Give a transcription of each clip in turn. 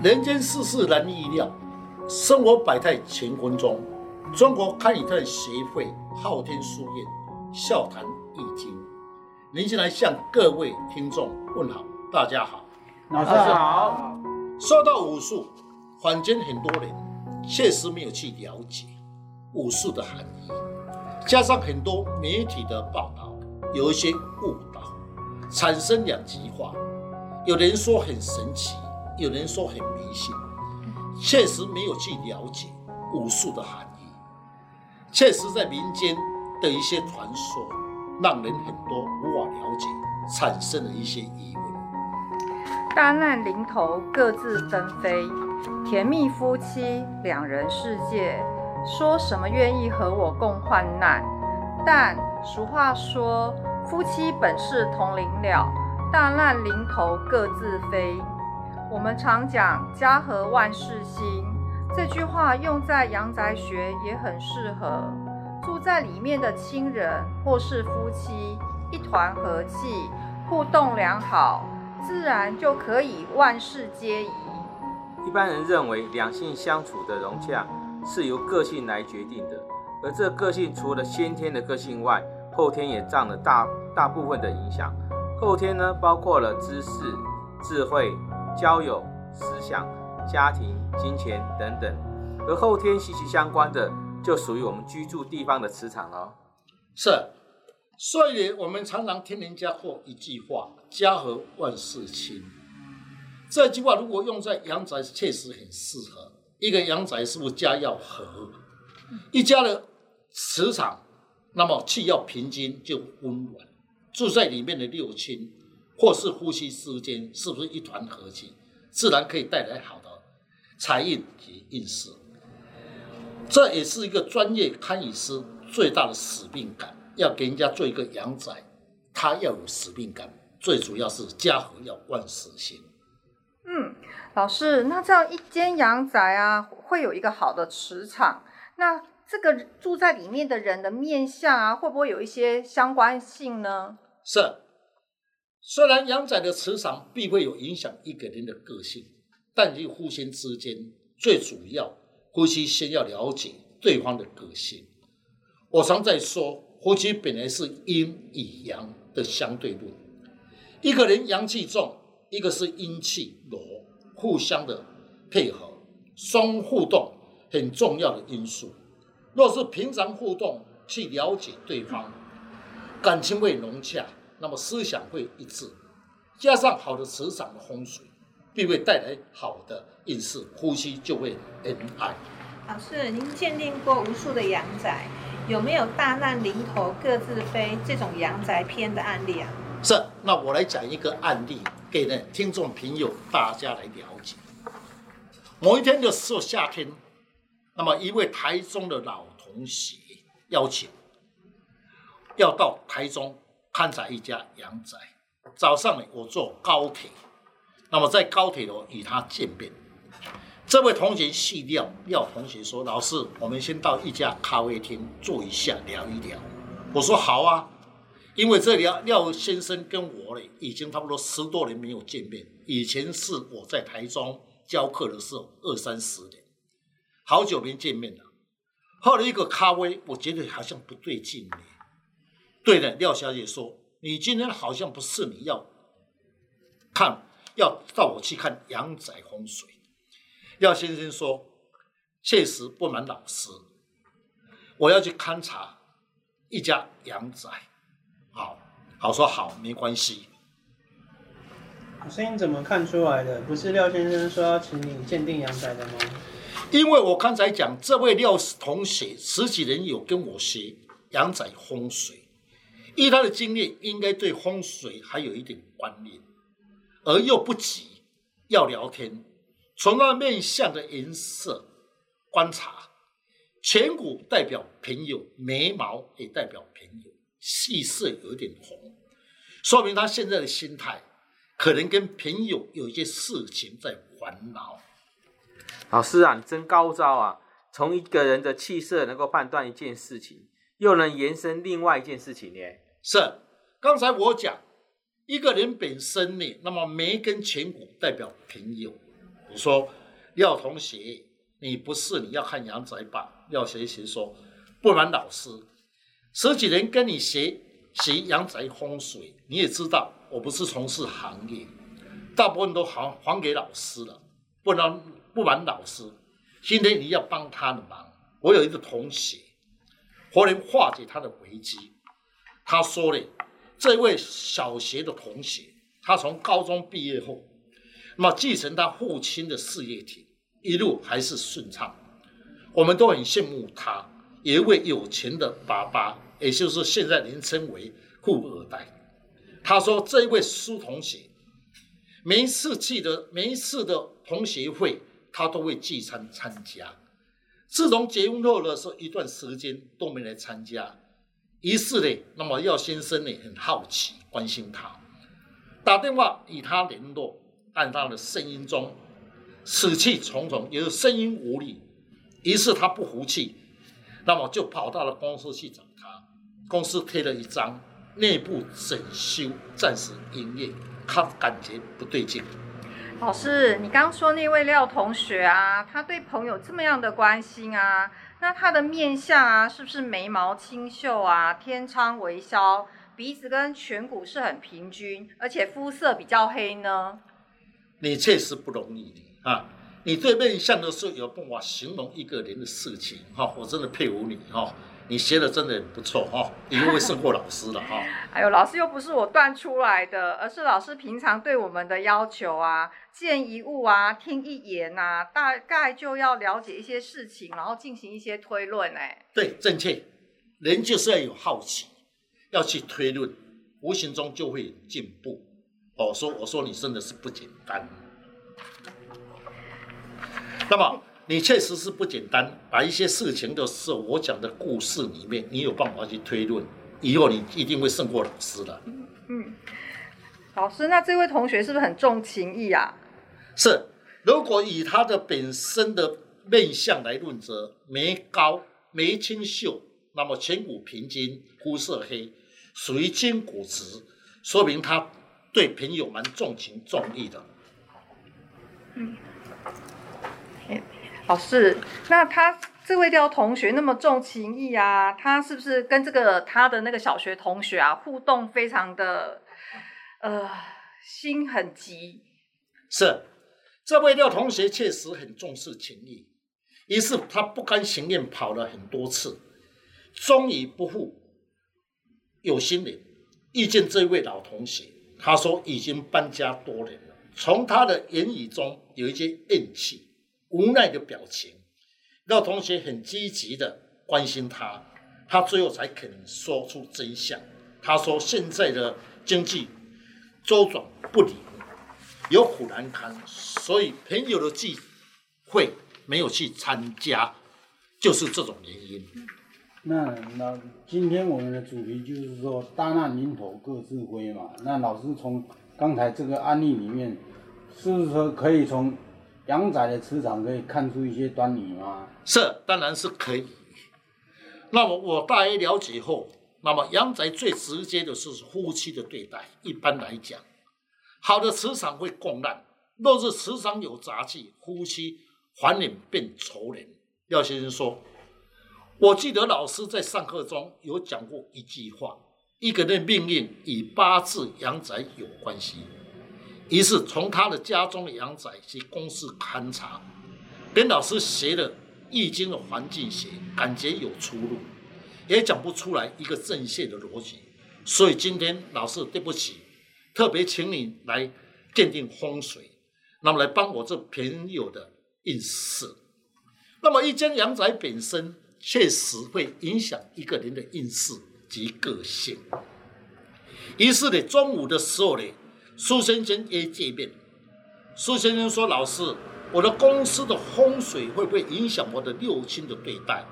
人間世事難預料，生活百態乾坤中。中國堪輿特協會昊天書院笑談易經，您先來向各位聽眾問好，大家好，老師好。說到武術，坊間很多人確實沒有去了解武術的含義，加上很多媒體的報道有一些誤導，產生兩極化。有人說很神奇。有人說很迷信，確實沒有去了解武術的含義，確實在民間的一些傳說讓人很多無法了解，產生了一些疑問。大難臨頭各自分飛，甜蜜夫妻兩人世界，說什麼願意和我共患難？但俗話說，夫妻本是同林鳥，大難臨頭各自飛。我們常講“家和萬事興”這句話，用在陽宅學也很適合。住在裡面的親人或是夫妻，一團和氣，互動良好，自然就可以萬事皆宜。一般人認為，兩性相處的融洽是由個性來決定的，而這個個性除了先天的個性外，後天也佔了大大部分的影響。後天呢，包括了知識、智慧。交友、思想、家庭、金錢等等，而後天息息相關的，就屬於我們居住地方的磁場了。是啊，所以我們常常聽人家說一句話：“家和萬事興。”這句話如果用在陽宅，確實很適合。一個陽宅，是不是家要和？一家的磁場，那麼氣要平均，就溫暖，住在裡面的六親。或是夫妻之間是不是一團和氣，自然可以帶來好的財運及運勢。這也是一個專業堪輿師最大的使命感，要給人家做一個陽宅，他要有使命感，最主要是家和要萬事興。嗯，老師，那這樣一間陽宅啊，會有一個好的磁場，那這個住在裡面的人的面相啊，會不會有一些相關性呢？是。雖然陽宅的磁場必會有影響一個人的個性，但就夫妻之間最主要，夫妻先要了解對方的個性。我常在說，夫妻本來是陰與陽的相對論，一個人陽氣重，一個是陰氣弱，互相的配合、雙互動很重要的因素。若是平常互動去了解對方，感情會融洽。那麼思想會一致，加上好的磁場的風水，必會帶來好的運勢，呼吸就會恩愛。老師、啊，您鑑定過無數的陽宅，有沒有大難臨頭各自飛這種陽宅篇的案例啊？是，那我來講一個案例給呢聽眾朋友大家來了解。某一天的時候，夏天，那麼一位台中的老同學邀請，要到台中。看在一家、陽宅，早上我坐高鐵，那麼在高鐵呢，與他見面。這位同學姓廖，廖同學說：“老師，我們先到一家咖啡廳坐一下，聊一聊。”我說：“好啊，因為這裡廖,廖先生跟我呢，已經差不多十多年沒有見面。以前是我在台中教課的時候，二三十年，好久沒見面了。喝了一個咖啡，我覺得好像不對勁對了，廖小姐說：“你今天好像不是你要看，要到我去看陽宅風水。”廖先生說：“確實不瞞老師，我要去勘察一家陽宅，好，好說好，沒關係。我聲音怎麼看出來的？不是廖先生說要請你鑑定陽宅的嗎？因為我剛才講，這位廖同學十幾年有跟我學陽宅風水。依他的經歷，應該對風水還有一點觀念，而又不急要聊天。從他面相的顏色觀察，顴骨代表朋友，眉毛也代表朋友。氣色有點紅，說明他現在的心態可能跟朋友有一些事情在煩惱。老師啊，你真高招啊！從一個人的氣色能夠判斷一件事情，又能延伸另外一件事情呢？是，剛才我講，一個人本身呢，那麼眉跟顴骨代表朋友。我說，廖同學，你不是你要看陽宅吧？廖學習說，不瞞老師，十幾年跟你學習陽宅風水，你也知道，我不是從事行業，大部分都還還給老師了。不能不瞞老師，今天你要幫他的忙。我有一個同學，我能化解他的危機。他說嘞，這位小學的同學，他從高中畢業後，那麼繼承他父親的事業體，一路還是順暢。我們都很羨慕他，有一位有錢的爸爸，也就是現在人稱為富二代。他說，這位蘇同學，每一次記得，每一次的同學會，他都會聚餐參,參加。自從結婚後的時候，一段時間都沒來參加。於是呢，那麼廖先生呢，很好奇，關心他，打電話與他聯絡，但他的聲音中死氣沉沉，也有聲音無力。於是他不服氣，那麼就跑到了公司去找他。公司貼了一張內部整修，暫時營業。他感覺不對勁。老師，你剛剛說那位廖同學啊，他對朋友這麼樣的關心啊。那他的面相啊，是不是眉毛清秀啊，天倉微削，鼻子跟顴骨是很平均，而且膚色比較黑呢？你確實不容易啊！你對面相的時候，有辦法形容一個人的事情哈、啊，我真的佩服你、啊你學的真的不錯哈、哦，你定會勝過老師了哈。哦、 哎呦，老師又不是我斷出來的，而是老師平常對我們的要求啊，見一物啊，聽一言吶、啊，大概就要了解一些事情，然後進行一些推論哎。對，正確，人就是要有好奇，要去推論，無形中就會進步、哦。我說，我說你真的是不簡單。那麼。 你確實是不簡單，把一些事情都是我講的故事裡面，你有辦法去推論，以後你一定會勝過老師的、嗯。嗯，老師，那這位同學是不是很重情義啊？是，如果以他的本身的面相來論則，則眉高眉清秀，那麼顴骨平金，膚色黑，屬於金骨直，說明他對朋友蠻重情重義的。嗯，嗯哦，是。那他這位廖同學那麼重情義啊，他是不是跟這個他的那個小學同學啊互動非常的，呃，心很急？是，這位廖同學確實很重視情義，於是他不甘情願跑了很多次，終於不負有心人遇見這位老同學。他說已經搬家多年了，從他的言語中有一些怨氣。無奈的表情，讓同學很積極的關心他，他最後才肯說出真相。他說現在的經濟周轉不靈，有苦難堪，所以朋友的聚會沒有去參加，就是這種原因。那那今天我們的主題就是說大難臨頭各自飛嘛。那老師從剛才這個案例裡面，是不是說可以從？陽宅的磁場可以看出一些端倪嗎？是，當然是可以。那麼我大約了解後，那麼陽宅最直接的是夫妻的對待。一般來講，好的磁場會共難，若是磁場有雜氣，夫妻翻臉變仇人。廖先生說，我記得老師在上課中有講過一句話：一個人命運與八字陽宅有關係。於是從他的家中陽宅及公司勘察，跟老師學了易經的環境學，感覺有出入，也講不出來一個正確的邏輯，所以今天老師對不起，特別請你來鑑定風水，那麼來幫我這朋友的運勢。那麼一間陽宅本身確實會影響一個人的運勢及個性。於是呢，中午的時候呢。蘇先生也見面。蘇先生說：“老師，我的公司的風水會不會影響我的六親的對待？”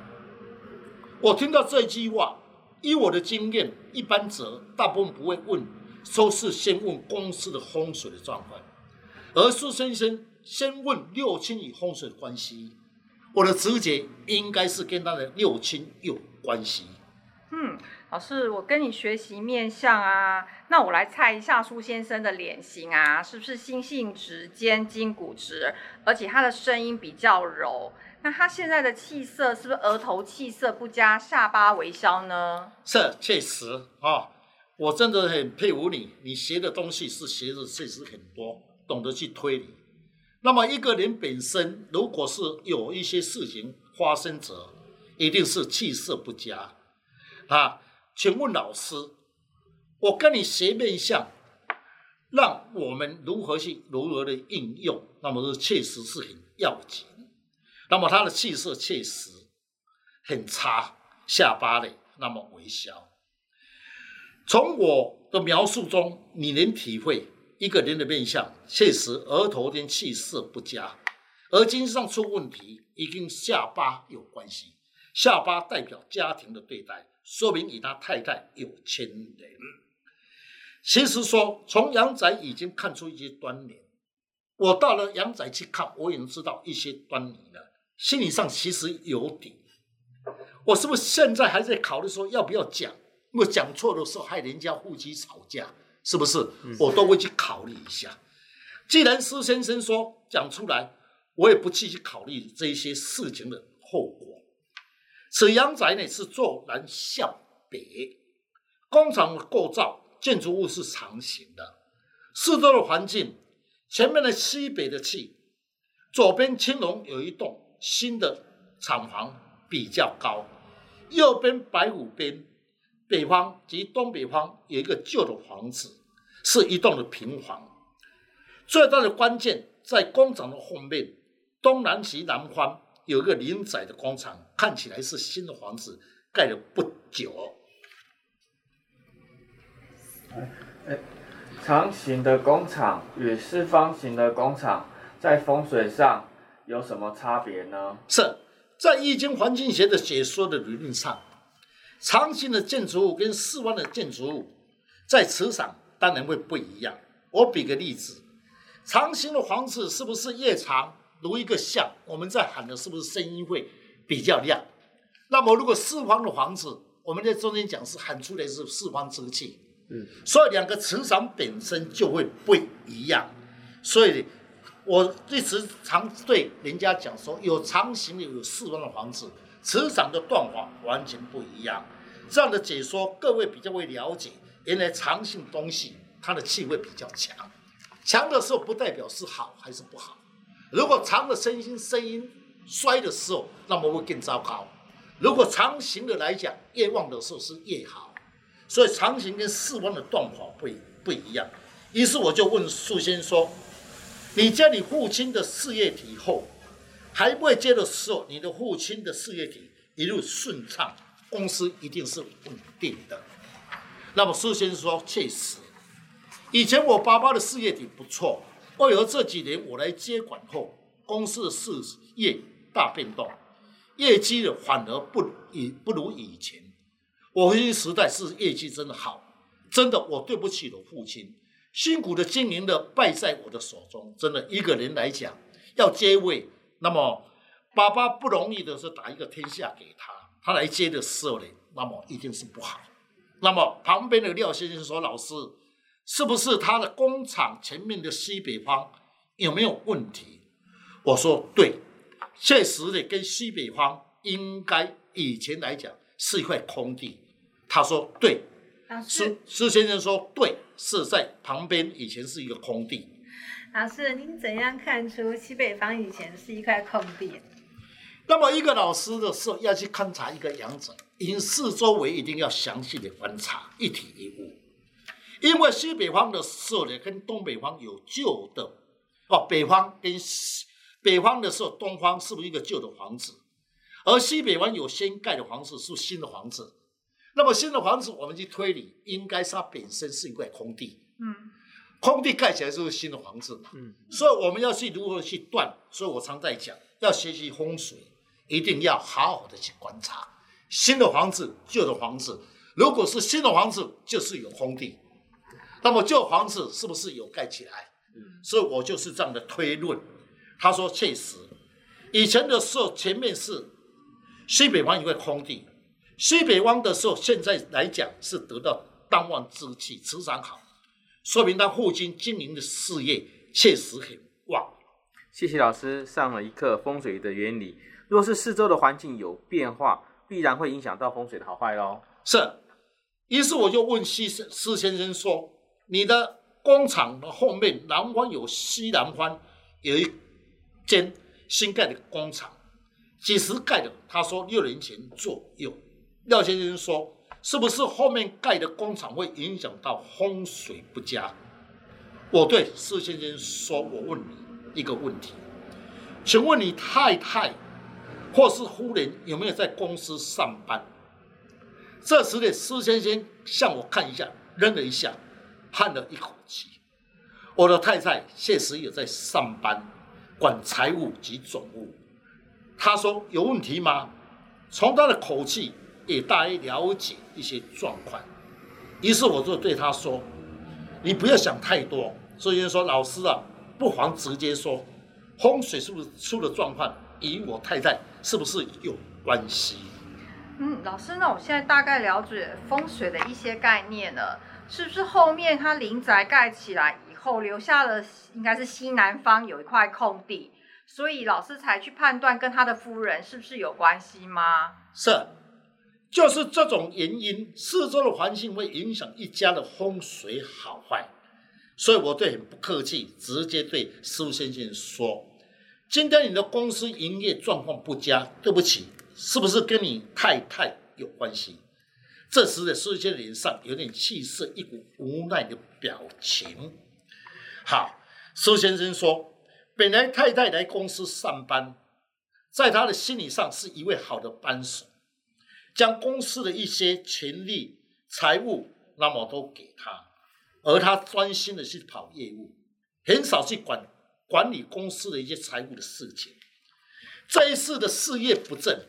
我聽到這句話，以我的經驗，一般者大部分不會問，都是先問公司的風水的狀況，而蘇先生先問六親與風水的關係。我的直覺應該是跟他的六親有關係。嗯。是我跟你學習面相啊，那我來猜一下蘇先生的臉型啊，是不是心性直、肩筋骨直，而且他的聲音比較柔。那他現在的氣色是不是額頭氣色不佳、下巴微消呢？是，確實啊、哦，我真的很佩服你，你學的東西是學的確實很多，懂得去推理。那麼一個人本身如果是有一些事情發生者，一定是氣色不佳啊。請問老師，我跟你學面相，讓我們如何去如何的應用？那麼這確實是很要緊。那麼他的氣色確實很差，下巴呢，那麼微小。從我的描述中，你能體會一個人的面相確實額頭跟氣色不佳，而經常出問題也跟下巴有關係。下巴代表家庭的對待，說明與他太太有牽連。其實說從陽宅已經看出一些端倪，我到了陽宅去看，我已經知道一些端倪了。心理上其實有底。我是不是現在還在考慮說要不要講？如果講錯的時候害人家夫妻吵架，是不是？我都會去考慮一下。既然施先生說講出來，我也不繼續考慮這些事情的後果。此陽宅內是坐南向北，工廠的構造建築物是長形的，四周的環境，前面的西北的氣，左邊青龍有一棟新的廠房比較高，右邊白虎邊，北方及東北方有一個舊的房子，是一棟的平房。最大的關鍵在工廠的後面，東南西南方。有個零仔的工廠，看起來是新的房子，蓋了不久。哎哎，長形的工廠與四方形的工廠在風水上有什麼差別呢？是，在易經環境學的解說的理論上，長形的建築物跟四方的建築物在磁場當然會不一樣。我比個例子，長形的房子是不是越長？如一個像，我們在喊的是不是聲音會比較亮？那麼如果四方的房子，我們在中間講是喊出來是四方之氣，嗯，所以兩個磁場本身就會不一樣。所以我一直常對人家講說，有長形的有四方的房子，磁場的斷法完全不一樣。這樣的解說各位比較會了解，原來長形東西它的氣味比較強，強的時候不代表是好還是不好。如果長的身心聲音衰的時候，那麼會更糟糕。如果長形的來講，越旺的時候是越好，所以長形跟四旺的斷法不一不一樣。於是我就問素仙說：“你接你父親的事業體後，還未接的時候，你的父親的事業體一路順暢，公司一定是穩定的。”那麼素仙說：“確實，以前我爸爸的事業體不錯。”為何這幾年我來接管後，公司的事業大變動，業績的反而不以不如以前。我父親時代是業績真的好，真的我對不起我父親，辛苦的經營的敗在我的手中。真的一個人來講要接位，那麼爸爸不容易的是打一個天下給他，他來接的時候呢，那麼一定是不好。那麼旁邊的廖先生說：“老師。”是不是他的工廠前面的西北方有沒有問題？我說對，確實的，跟西北方應該以前來講是一塊空地。他說對，老師，施先生說對，是在旁邊以前是一個空地。老師，您怎樣看出西北方以前是一塊空地？嗯、那麼，一個老師的時候要去勘察一個陽宅，因四周圍一定要詳細的觀察，一體一物。因為西北方的時候呢，跟東北方有舊的，哦、啊，北方跟西北方的時候，東方是不是一個舊的房子？而西北方有新蓋的房子，是新的房子。那麼新的房子，我們去推理，應該是它本身是一塊空地。嗯，空地蓋起來就是，是新的房子嘛。嗯，所以我們要去如何去斷？所以我常在講，要學習風水，一定要好好的去觀察新的房子、舊的房子。如果是新的房子，就是有空地。那麼舊房子是不是有蓋起來？嗯，所以我就是這樣的推論。他說：“確實，以前的時候前面是西北方一塊空地，西北方的時候現在來講是得到當旺之氣，磁場好，說明他父親經營的事業確實很旺。”謝謝老師上了一課風水的原理。若是四周的環境有變化，必然會影響到風水的好壞咯。是，於是我就問西施施先生說，你的工廠的後面，南方有西南方有一間新蓋的工廠，幾時蓋的？他說六年前左右。廖先生說：“是不是後面蓋的工廠會影響到風水不佳？”我對施先生說：“我問你一個問題，請問你太太或是夫人有沒有在公司上班？”這時的施先生向我看一下，扔了一下。嘆了一口氣，我的太太確實也在上班，管財務及總務。他說：“有問題嗎？”從他的口氣也大約了解一些狀況。於是我就對他說：“你不要想太多。”所以說，老師啊，不妨直接說，風水是不是出了狀況？與我太太是不是有關係？嗯，老師，那我現在大概了解風水的一些概念了。是不是後面他林宅蓋起來以後，留下了應該是西南方有一塊空地，所以老師才去判斷跟他的夫人是不是有關係嗎？是，就是這種原因，四周的環境會影響一家的風水好壞，所以我對很不客氣，直接對蘇先生說，今天你的公司營業狀況不佳，對不起，是不是跟你太太有關係？這時的蘇先生臉上有點氣色，一股無奈的表情。好，蘇先生說：“本來太太來公司上班，在他的心理上是一位好的幫手，將公司的一些權利財務，那麼都給他，而他專心的去跑業務，很少去管管理公司的一些財務的事情。這一次的事業不振，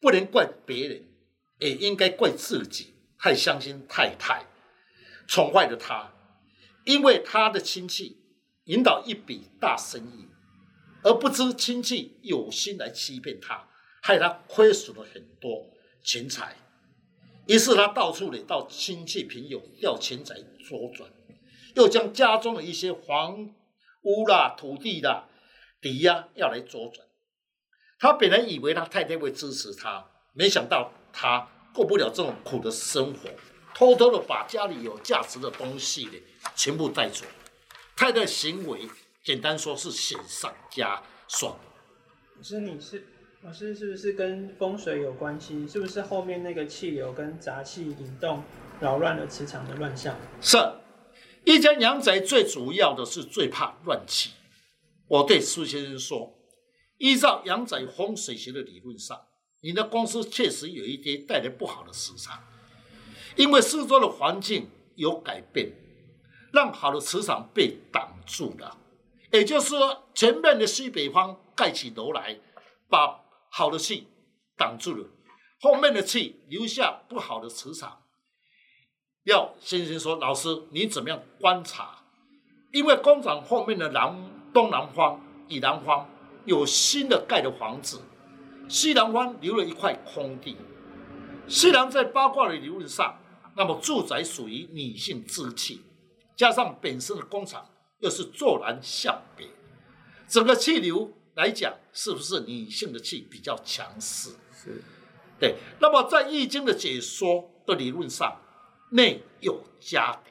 不能怪別人。”也應該怪自己太相信太太，寵壞了他，因為他的親戚引導一筆大生意，而不知親戚有心來欺騙他，害他虧損了很多錢財，於是他到處來到親戚朋友要錢財周轉，又將家中的一些房屋啦、土地啦、抵押要來周轉，他本來以為他太太會支持他，沒想到他。過不了這種苦的生活，偷偷的把家裡有價值的東西呢全部帶走，他的行為簡單說是雪上加霜。我說你是老師，是不是跟風水有關係？是不是後面那個氣流跟雜氣引動，擾亂了磁場的亂象？是一間陽宅最主要的是最怕亂氣。我對蘇先生說，依照陽宅風水學的理論上。你的公司確實有一些帶來不好的磁場，因為四周的環境有改變，讓好的磁場被擋住了。也就是說，前面的西北方蓋起樓來，把好的氣擋住了，後面的氣留下不好的磁場。要先生說，老師你怎麼樣觀察？因為工廠後面的南、東南方、以南方有新的蓋的房子。西南方留了一塊空地。西南在八卦的理論上，那麼住宅屬於女性之氣，加上本身的工廠又是坐南向北，整個氣流來講，是不是女性的氣比較強勢？是。對。那麼在易經的解說的理論上，內有家底，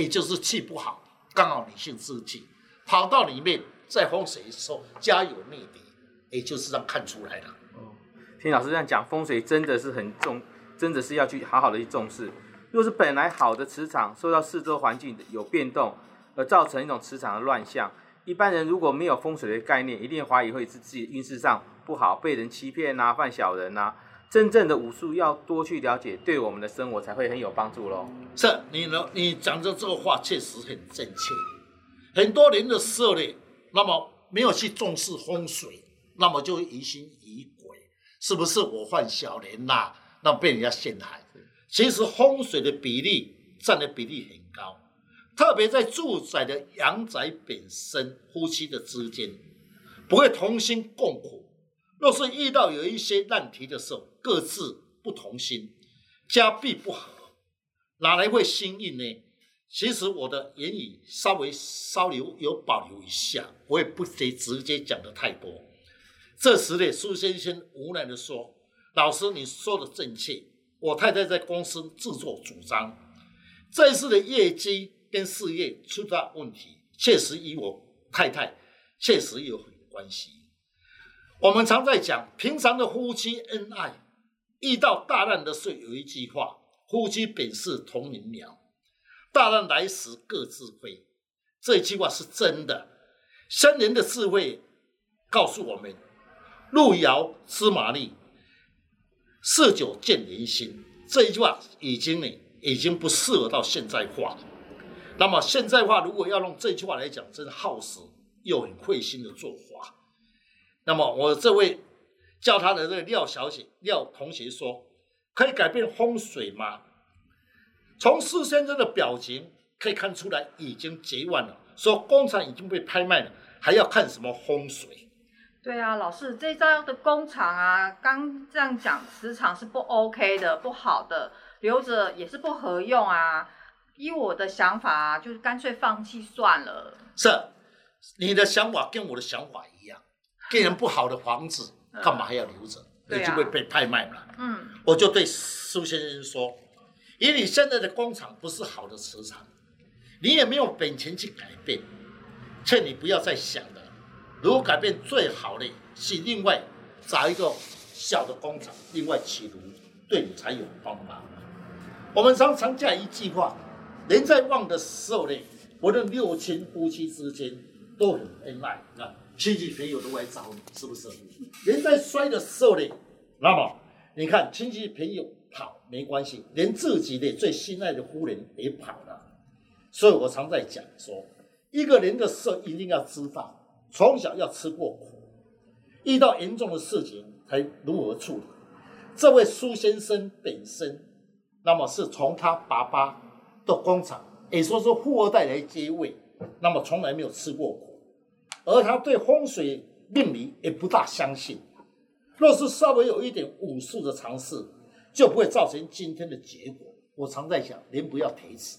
也就是氣不好，剛好女性之氣跑到裡面，在風水的時候，家有內底。也就是這樣看出來的。哦、嗯，聽老師這樣講，風水真的是很重，真的是要去好好的去重視。若是本來好的磁場，受到四周環境有變動而造成一種磁場的亂象，一般人如果沒有風水的概念，一定懷疑會是自己運勢上不好，被人欺騙吶、啊，犯小人吶、啊。真正的武術要多去了解，對我們的生活才會很有幫助咯。是，你呢，你講的這個話確實很正確。很多人的社會，那麼沒有去重視風水。那麼就疑心疑鬼，是不是我犯小人啦、啊？那被人家陷害。其實風水的比例占的比例很高，特別在住宅的陽宅本身夫妻的之間不會同心共苦。若是遇到有一些難題的時候，各自不同心，家必不合，哪來會興運呢？其實我的言語稍微稍留有保留一下，我也不得直接講得太多。這時的蘇先生無奈地說：“老師，你說的正確。我太太在公司自作主張，這次的業績跟事業出大問題，確實與我太太確實有關係。我們常在講，平常的夫妻恩愛，遇到大難的時候，有一句話：‘夫妻本是同林鳥，大難來時各自飛’。這句話是真的。聖人的智慧告訴我們。”路遙知馬力，日久見人心。這一句話已經呢，已經不適合到現在話。那麼現在話，如果要用這句話來講，真是耗時又很費心的做法。那麼我這位叫他的這個廖小姐、廖同學說：“可以改變風水嗎？”從四先生的表情可以看出來，已經結完了，說工廠已經被拍賣了，還要看什麼風水？對啊，老師，這招的工廠啊，剛這樣講，磁場是不 OK 的，不好的，留着也是不合用啊。依我的想法啊，就是乾脆放棄算了。是，你的想法跟我的想法一樣，給人不好的房子，幹嘛還要留着？呃、對啊，你就會被拍賣嘛。嗯，我就對蘇先生說，以你現在的工廠不是好的磁場，你也沒有本錢去改變，勸你不要再想。如果改變最好的是另外找一個小的工廠，另外企圖對你才有幫忙。我們常常講一句話，人在旺的時候呢，無論六親夫妻之間都很恩愛啊，親戚朋友都會來找你，是不是？人在衰的時候呢，那麼你看親戚朋友跑沒關係，連自己的最心愛的夫人也跑了。所以我常在講說，一個人的時候一定要知道。從小要吃過苦，遇到嚴重的事情才如何處理？這位蘇先生本身，那麼是從他爸爸的工廠，也說是富二代來接位，那麼從來沒有吃過苦，而他對風水命理也不大相信。若是稍微有一點武術的嘗試，就不會造成今天的結果。我常在想，您不要推遲。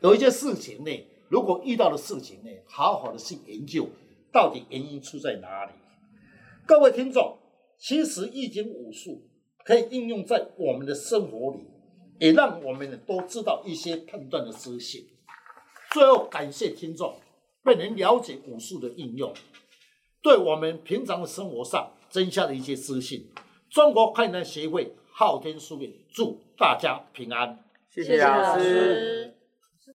有一些事情呢，如果遇到的事情呢，好好的去研究。到底原因出在哪裡？各位聽眾，其實易經武術可以應用在我們的生活裡，也讓我們多知道一些判斷的資訊。最後，感謝聽眾為您了解武術的應用，對我們平常的生活上增加了一些資訊。中國堪輿協會昊天書院，祝大家平安，謝謝老師。